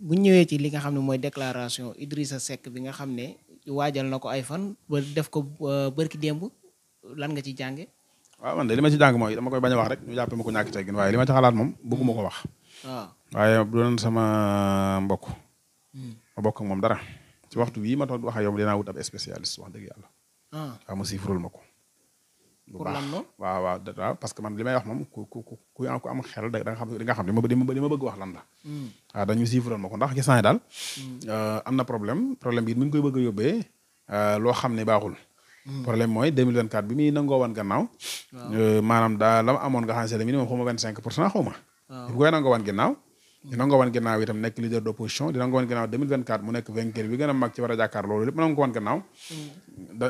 bu ñëwee ci li nga xam ne mooy déclaration a Seck bi nga xam ne waajal na ko ay fan ba def ko euh, bërki démb lan nga ci jànge waaw man de li ci jàng mooy dama koy bañ wax rek ñu jàppe ma ko ñàkk teggin waaye li ma ci xalaat moom bëgguma ko wax ah. waaye bu doon sama mbok hmm. ma bokk ak moom dara ci waxtu bii ma toog wax ak yow dinaa wut ab spécialiste wax dëgg yàlla ah. waaw ma siifurul ma ko pour waaw waaw waaw parce que man li may wax moom ku ku ku am xel da nga xam da nga xam li ma bëgg wax lan la. waaw hmm. ah, ko ndax gis naa ne daal. Hmm. Euh, am na problème problème bi mi ngi koy bëgg a yóbbee euh, loo xam ne baaxul. Hmm. problème mooy 2024 bi muy nangoo wan gannaaw. waaw euh, maanaam daa la ma amoon nga xam ne c'est le minimum xaw ma pour cent xaw ma. waaw bu koy nangoo wan gannaaw. dina nga wan mu nekk vainqueur bi a loolu lépp mën nga ko mm.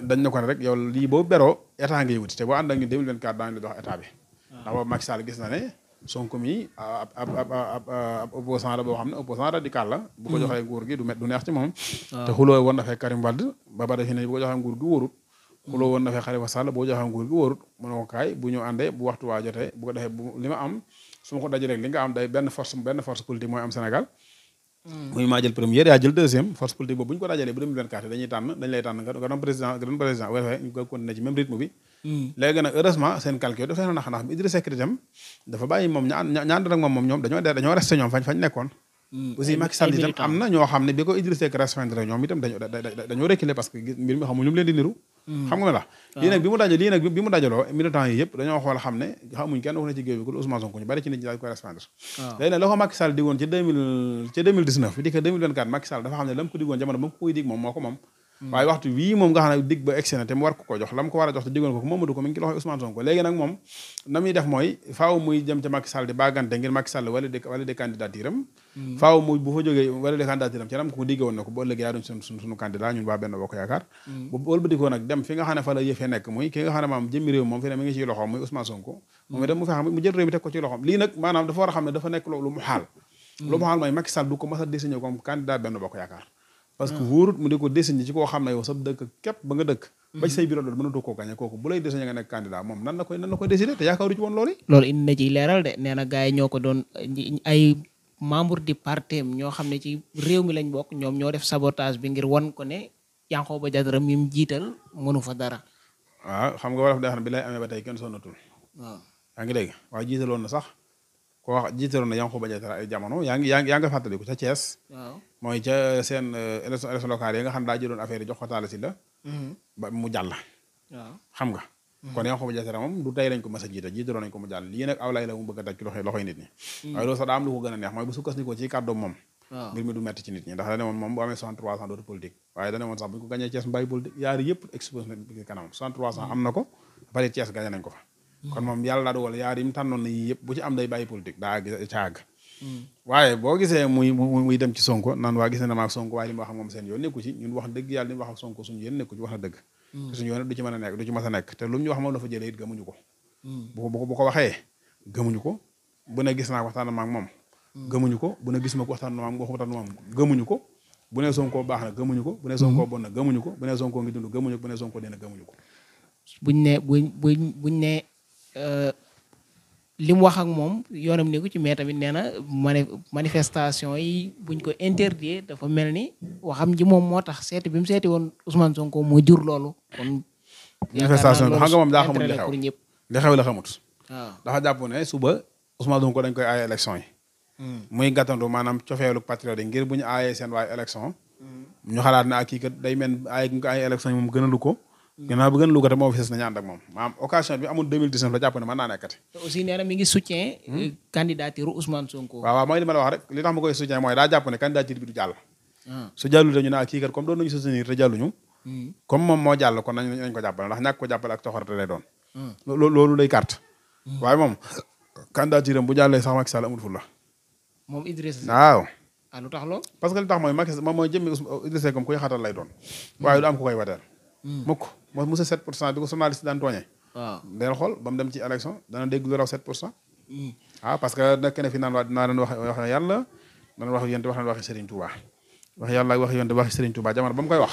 dañ na ko ne rek yow lii boobu beroo état ngay wuti te boo ànd ak ñu 2024 daañu la jox état bi ah. ndax gis na ne Sonko mi ab ab ab ab boo xam ne opposant radical la bu ko mm. joxee nguur gi du met du neex ci moom ah. te xuloo woon na ba pare fi ne bu ko joxee nguur gi wóorut xuloo mm. woon na fekk Khalifa Sall boo joxee nguur gi wóorut mu ne ko kaay bu ñu bu waxtu waa jotee bu ko defee li ma am su ma ko dajalee li nga am benn force politique mooy am Sénégal hmm. muy maa jël première yaa jël deuxième force politique boobu ñu ko dajalee bu 2024 dañuy tànn dañ lay tànn nga doon président nga président hmm. dafa bàyyi moom ñaan ñaan moom ñoom dañoo dañoo resté ñoom fañ fañ nekkoon hmm. aussi Macky Sall am na ñoo xam ne bi ko Idrissa Seck restreindre ñoom itam dañoo dañoo reculer parce que mbir mi xamuñu lu leen di Mm. xam nga la ah. lii nag bi mu dajal lii nag bi mu dajaloo militant yi yëpp dañoo xool xam ne xamuñ kenn ku ne ci géew bi ku Ousmane Sonko ñu bari ci nit ñi daal koy respondre ah. léegi nag la ko Macky Sall dafa xam ne la mu ko digoon jamono ba mu ko moom moo ko moom Mm. waaye waxtu wii moom nga xam ne dig ba egsi na te mu war ko ko jox la ko war a jox te diggoon ko moom na muy ki nga xam Sonko moom itam dafa war a xam ne dafa nekk loolu mu xaal mm. lu mu xaal mooy Macky Sall du ko mas a désigné comme candidat benn bokk yaakaar parce que ah. wóorut mu di ko désigné ci koo xam ne yow sa dëkk képp ba nga dëkk ba ci say bureau doon mënatoo koo gagné kooku bu lay désigné nga nekk candidat moom nan la koy nan te yaakaaru ci woon loolu yi loolu indi ci leeral de nee na ñoo ko doon ay membre di ñoo xam ne ci réew mi lañ bokk ñoom ñoo def sabotage bi ngir wan ko ne Yankhoba Diattara mi mu jiital mënu fa dara waaw ah, xam nga wala def day xam ne bi lay amee ba tey kenn sonnatul waaw yaa ngi dégg sax ko wax jiitaloon na Yankhoba Diattara ay jamono yaa ngi yaa nga ca Thiès. mooy ca seen eh, élection élection locale yi nga xam mm-hmm. nga. Mm-hmm. kon Yankhoba Diattara moom du tey lañ ko mas a jiite jiitaloon nañ ko mu jàll lii nag aw la mu bëgg a daj ci loxoy nit ñi. Mm-hmm. waaye loolu sax daa lu ko gën a neex mooy bu sukkandikoo ci kàddoom moom. mbir mi du metti ci nit ñi ndax da ne moom bu amee 6300 dootu politique waaye da ne sax bu ko gañee Thiès kon moom yàlla daa dogal yaar yi mu tànnoon na yii yëpp bu ci am day bàyyi politique daa caag hmm. waaye boo gisee muy muy dem ci sonko naan waa gis na ma sonko waaye li wax ak moom seen yoon nekku ci ñun wax dëgg yàlla li wax sonko suñu yoon nekku ci wax na hmm. a nekk du ci mas a te lu mu ñu wax moom dafa jëlee it gëmuñu ko bu hmm. bu ko ko bu ne gis bu ne gis ma sonko na gëmuñu ko bu ne sonko bon na gëmuñu ko bu ne sonko ngi dund gëmuñu ko bu ne sonko dina gëmuñu buñ ne Euh, li mu wax ak moom yoonam ne ko ci mais tamit nee na manifestation yi buñ ko interdire dafa mel ni waxam ji moom moo tax seeti bi mu seeti woon usman Sonko moo jur loolu. kon manifestation bi xam nga moom daa xamul li xew li xew la xamut. waaw dafa jàpp ne suba Ousmane Sonko dañ koy aaye élection yi. Hmm. muy gàttandu maanaam cofeelu patriote yi ngir bu ñu aayee seen waaye élection. Hmm. ñu xalaat kii kat day mel aaye gi ñu ko aayee élection yi moom ko. gannaaw bu gën Louga te moo fi des nañu ànd ak moom maanaam occasion bi amul 2019 la jàpp ne mën aussi nee na mi ngi soutien. Hmm? Euh, candidature Ousmane Sonko. waaw waaw mooy ma la wax rek li tax mooy daa ah. hmm. moom moo jàll kon nañ nañ hmm. loolu lay carte. waaye moom candidature am bu jàllee sax Macky Sall amul fula. moom Idrissa waaw. ah tax lool. parce que li tax mooy Macky Sall moom mooy jëmmi Idrissa comme kuy lay doon. waaye du am ku koy wateel mukk mos mos a 7 pour cent bi ko journaliste daan tooñee. waaw ah. ndeel xool ba dem ci élection dana dégg lu raw 7 pour cent. Hmm. ah parce que nekk na fi naan waa dinaa leen wax wax yàlla wax yonte wax leen waxi Serigne Touba. wax yàlla ak wax yonte waxi Serigne Touba jamono ba mu koy wax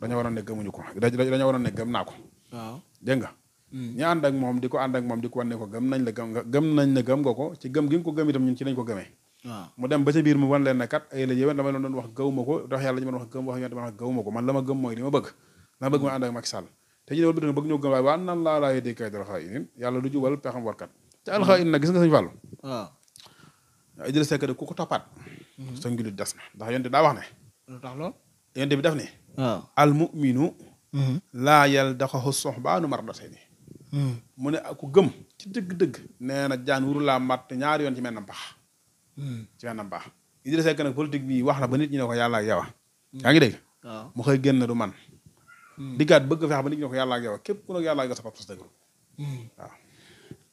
dañoo waroon ne ko dañoo waroon ne gëm naa ko. waaw dégg nga. Hmm. ñi ànd ak moom di ko ànd ak moom di ko gëm nañ la gëm nañ la gëm nga ko ci gëm gi ko gëm itam ñun ci lañ ko gëmee mu dem ba mu wan leen ne kat ay la yéwén dama leen wax gëwuma ko wax yàlla ñu wax gëm man wax ma gëm mooy li ma ndax bëgg ma ànd ak Macky te ñu dewal bëgg ñoo gëm waaye waa nan laa laa yeddi kay dal xaa'inin yàlla du jubal pexam warkat te alxaa'in nag gis nga sëñ Fall waaw Idrissa mhm. ndax yonte daa wax ne lu tax lool yonte bi daf ne waaw al muminu mhm. laa yal daxaxu sox baanu mar dase mhm. mu ne ku gëm ci dëgg-dëgg nee na jaan wuru laa mat ñaari yoon ci mel na mbaax na mbaax Idrissa Seck nag politique bi wax na ba nit ñi ne ko yàlla ak yow ngi dégg mu xëy génn du man diggaat bëgg fexe ba nit ñi ne ko yàlla ak yow képp sa pas-pas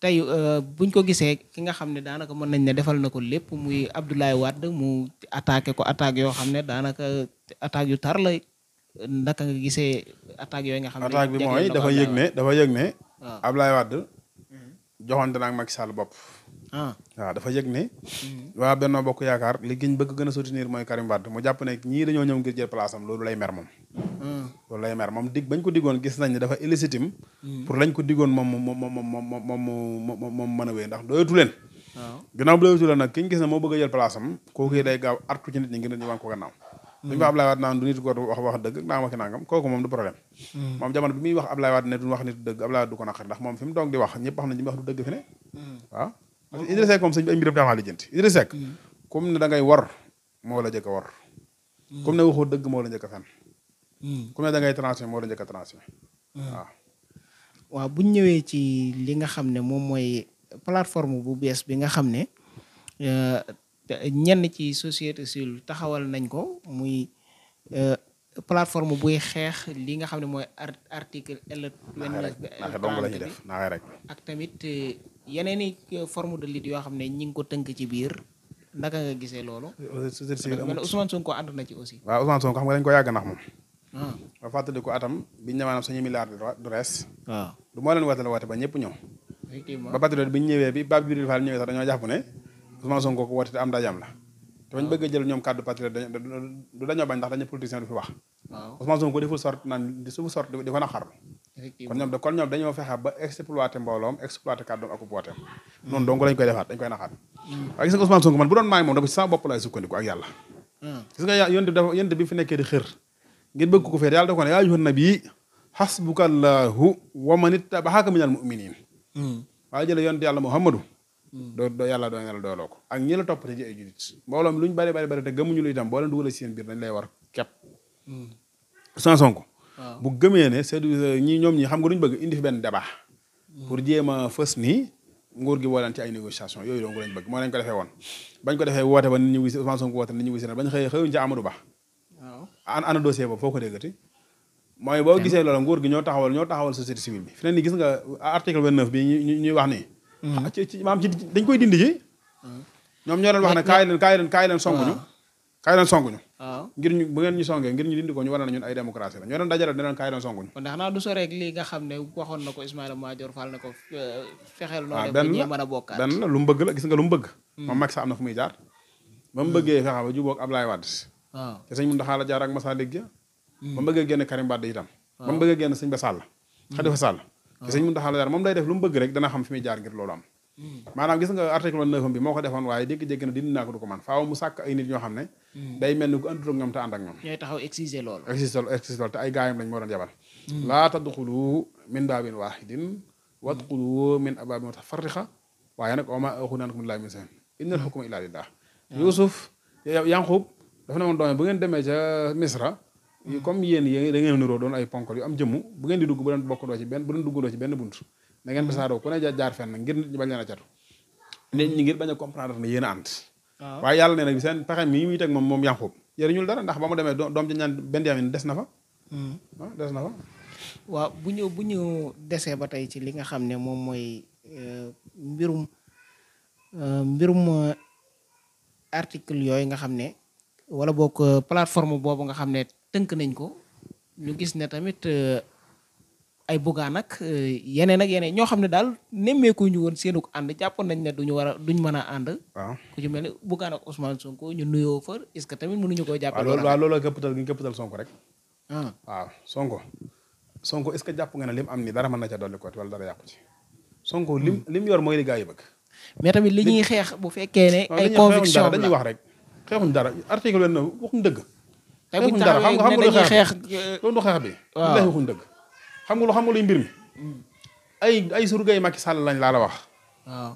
euh, buñ ko gisee ki nga xam ne daanaka mën nañ ne defal na ko lépp muy Abdoulaye Wade mu attaqué ko attaque yoo xam ne daanaka attaque yu tar la naka nga gisee attaque yooyu nga xam ne bi mooy dafa yëg ne dafa ah. yëg ne Abdoulaye Wade mhm. joxante na ak Macky Sall bopp ah waaw dafa yëg ne mhm. waa Benno Bokk Yaakaar li bëgg gën a soutenir mooy Karim Wade mu jàpp ne ñii dañoo ñëw ngir jël place am loolu lay mer moom loolu lay mer moom dig bañ ko diggoon gis nañ ne dafa illégitime hmm. pour lañ ko diggoon moom moom moom moom moom moom mën a wéy ndax doyatu leen moo bëgg a jël place am kooku day gaaw artu ci nit ñi ngir ñu wan ko gannaaw bu ñu ko Ablaye Wade naan du nit ko wax wax dëgg moom hmm. moom moo jëkk a war comme fen ku ne da ngay transmettre moo de njëkk a transmettre hmm. waaw. ñëwee ci li nga xam ne moom mooy plateforme bu bees bi nga xam ne euh, ñenn ci société civile taxawal nañ ko muy. Euh, plateforme buy xeex li nga xam ne mooy article L. rek ak tamit euh, yeneen i forme de lutte yoo xam ne ñi ngi ko tënk ci biir naka nga gisee loolu. Ousmane ko ànd na ci aussi. waaw Ousmane Sonko xam nga dañ ko yàgg nax moom. ba mm. fàttali ko atam biñ ne maanaam suñu milliard du rees. waaw du moo leen woote la woote ba ñëpp ñëw. effectivement jàpp ne Ousmane Sonko ah. bëgg a jël ñoom kàddu patriote du dañoo bañ ndax dañu politicien du fi wax. waaw Ousmane Sonko deful sorte naan di sufu sorte di ko naqarlu. kon ñoom kon ñoom dañoo fexe koy defaat dañ koy naxaat. Mm. waaye gis nga man bu doon maay moom dama ci sama bopp laay sukkandiku ak yàlla. Mm. gis nga yonte bi fi nekkee di xër ngeen bëgg ko feet yàlla da ko ne yaa ayyuhan nabi xasbuka allahu wa man ittabaxaka minal muminin hmm. waa jële yonent yàlla muhammadu hmm. doo doo yàlla doo yàlla dooloo ko ak ñi la topp ci ay julit mbooloo mi lu ñu bari bari bari te gëmuñu lu itam boo leen dugalee seen biir dañ lay war kepp hmm. sanson ko bu gëmee ne seetu ñi ñoom ñi xam nga duñ bëgg indi fi benn débat pour jéem a fës nii nguur gi woo leen ci ay négociation yooyu doo ngu lañ bëgg moo lañ ko defee woon bañ ana dossier boobu foo ko déggati mooy boo gisee loolu nguur gi ñoo taxawal ñoo taxawal société civile bi fi ne ni gis nga article 29 bi ñuy wax nii mm. ah, ci ci maam dañ koy dindi ji ñoom ñoo leen wax ne kaay leen kaay leen kaay leen songuñu ah. kaay leen songuñu ah. ñu bu ngeen ñu songee ngir ñu dindi ko ñu war na ñun ay démocratie la ñoo doon dajale ne leen kaay leen songuñu kon xanaa du soreeg li nga xam ne waxoon na ko Ismaïla Madior Fall na ko euh, fexeel noo def ñu mën bokkaat lu mu la gis nga lu mu bëgg mm. moom Macky Sall am na fu muy jaar ba mu bëggee fexe ba jubóog Ablaye Wade waaw te sëñ Muntaxa la jaar ma saa ja ba mu bëggee génn Karim Wade ba mu bëggee génn sëñ ba Sall hmm. Xalifa Sall te sëñ Muntaxa la jaar moom day def lu mu bëgg rek dana xam fi muy jaar ngir loolu am hmm. maanaam gis nga article neuf bi moo ko defoon waaye dégg-dégg na dindi naa ko du ko man faaw mu sàkk ay nit ñoo xam ne hmm. day mel ni ku àndut ak ñoom te ànd ak ñoom ñooy taxaw exiger loolu exiger exiger loolu te ay gaayam lañ moo doon yabal laa tadxulu baabin waahidin wadxulu min abaabin mutafarriqa waaye nag wa maa uxnaa ankum min laahi min shay'in inna al-hukma illaa lillaah Yuusuf dafa ne woon doom bu ngeen demee ca Misra hmm. comme yéen yeen da ngeen niroo doon ay ponkol yu am jëmmu bu ngeen di dugg bu leen bokkandoo ci benn bu leen duggandoo ci benn bunt da ngeen tasaaroo ku a catu a comprendre ne yéen a ànd waaye yàlla nee na bi seen pexe mi muy teg moom moom yànqub yëriñul dara ndax ba mu demee doom ci ñaan Benjamin des na fa hmm. ah, des na fa waaw bu ñu bu ñu desee ba tey ci li nga xam ne moom mooy euh, mbirum euh, mbirum euh, article yooyu nga xam ne wala boog euh, plateforme boobu nga xam ne tënk nañ ko ñu gis ne tamit euh, ay bugaan ak euh, yeneen ak yeneen ñoo xam ne daal nemmeeku ñu woon seenu ànd jàppoon nañ ne duñu war a duñ mën a ànd. waaw ku ci mel ne bugaan ak Ousmane Sonko ñu nuyoo fa ce que tamit mënuñu koo jàppale. waaw loolu waaw loolu la gëppatal gi gëppatal Sonko rek. Ah. waaw Sonko. Sonko est-ce que jàpp nga na lim am nii dara mën na ca dolli ko wala dara yàqu ci. Sonko lim hmm. yor mooy li gaa yi mais tamit li ñuy xeex bu fekkee ne. ay conviction la dañuy wax rek. xeexuñ dara article wenn waxuñ dëgg xeexuñ dara xam nga xam nga lu xeex loolu du xeex bi billahi waxuñ dëgg xam nga lu xam nga luy mbir mi hmm. ay ay surgay Macky Sall lañ laa la wax